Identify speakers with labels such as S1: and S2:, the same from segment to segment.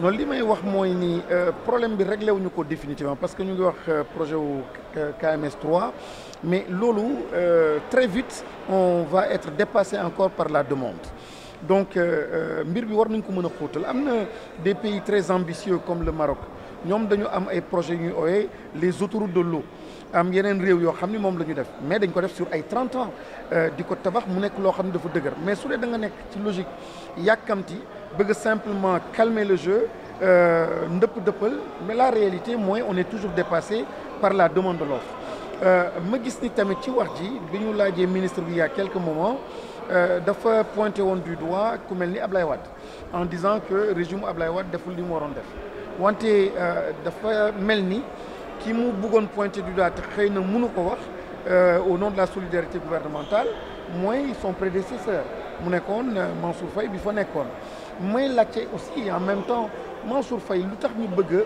S1: noonu li may wax mooy ni euh, problème bi réglé wuñu ko définitivement parce que ñu ngi wax euh, projet wu euh, KMS 3 mais loolu euh, très vite on va être dépassé encore par la demande donc mbir bi war nañ ko mën a xóotal am na des pays très ambitieux comme le Maroc ñoom dañu am ay projets yu ñuy ooyee les autoroutes de l'eau am yeneen réew yoo xam ni moom la ñu def mais dañ ko def sur ay 30 euh, di ko tabax mu nekk loo xam ne dafa dëgër mais su dee da nga nekk ci logique yàkkamti bëgg simplement calmer le jeu euh, ndëpp dëppal mais la réalité mooy on est toujours dépassé par la demande de l'offre euh, ma gis ni tamit ci wax ji bi ñu laajee ministre bi il y a quelques moments dafa pointé woon du doigt ku mel ni Ablaye Wade en disant que régime Ablaye Wade deful li mu waroon def wante euh, dafa mel ni kii mu bëggoon pointer du doigt xëy na munu ko wax euh, au nom de la solidarité gouvernementale mooy son prédécesseur mu nekkoon euh, Mansour Faye bi fa nekkoon may laajte aussi en même temps Mansour fay lu tax ñu bëgg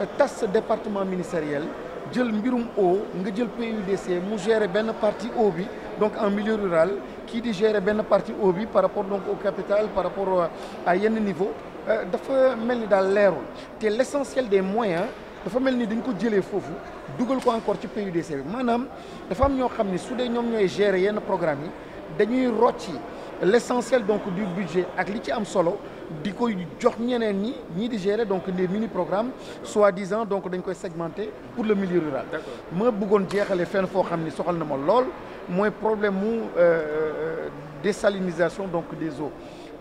S1: a tas département ministériel jël mbirum eau nga jël PUDC mu gérer benn parti eau bi donc en milieu rural kii di gérer benn parti eau bi par rapport donc au capital par rapport à yenn niveau Euh, dafa mel ni daal leerul te l'essentiel des moyens dafa mel ni dañ ko jëlee foofu dugal ko encore ci PUDC bi maanaam dafa am ñoo xam ni su dee ñoom ñooy gérer yenn programme yi dañuy rocci l'essentiel donc du budget ak li ci am solo di koy jox ñeneen ñi ñii di gérer donc des mini programmes soi-disant donc dañ koy segmenté pour le milieu rural. ma buggoon jeexalee fenn foo xam ni soxal na ma lool mooy problème mu euh, euh, désalinisation donc des eaux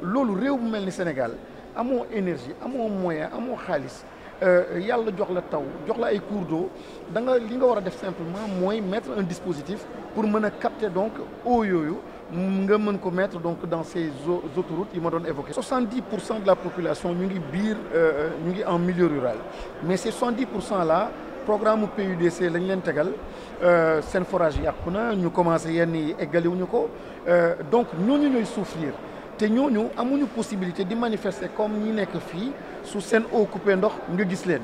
S1: loolu réew mu mel ni Sénégal. amoo énergie amoo moyen amoo xaalis euh, yàlla jox la taw jox la ay cours d'eau da nga li nga war a def simplement mooy mettre un dispositif pour mën a capter donc eau yooyu nga mën ko mettre donc dans ces autoroutes yi ma doon évoqué. 70 pour cent de la population ñu ngi biir euh, euh, ñu ngi en milieu rural mais ces 70 pour cent là programme PUDC lañu leen tegal seen forage yàqu na ñu commencé yenn yi eggaliwuñu ko donc ñooñu ñooy souffrir. te ñooñu amuñu possibilité di manifester comme ñi nekk fii su seen eau coupé ndox nga gis leen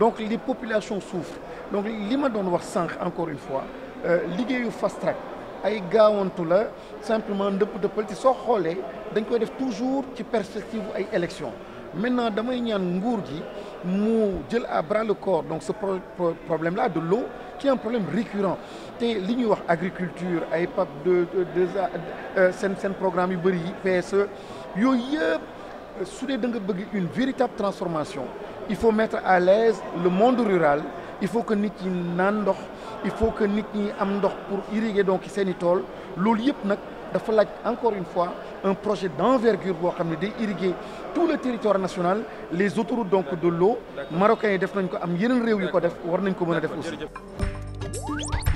S1: donc li populations suuf donc li ma doon wax sànq encore une fois euh, liggéeyu fast track ay gaawantu la simplement ndëpp dëppal ci soo xoolee dañ koy def toujours ci perspective ay élection maintenant damay ñaan nguur gi mu jël à bras le corps donc ce pro problème là de l'eau qui est un problème récurrent te li ñuy wax agriculture ay PAP de de seen seen programme yu bëri yi PSE yooyu yëpp dee da nga bëgg une véritable transformation il faut mettre à l'aise le monde rural il faut que nit ñi naan ndox il faut que nit ñi am ndox pour irriguer donc seen i tool loolu yëpp nag dafa laaj encore une fois un projet d'envergure boo xam ne day irriguer tout le territoire national les autoroutes donc de l'eau marocains yi def nañ ko am yeneen réew yu ko def war nañ ko mën a def aussi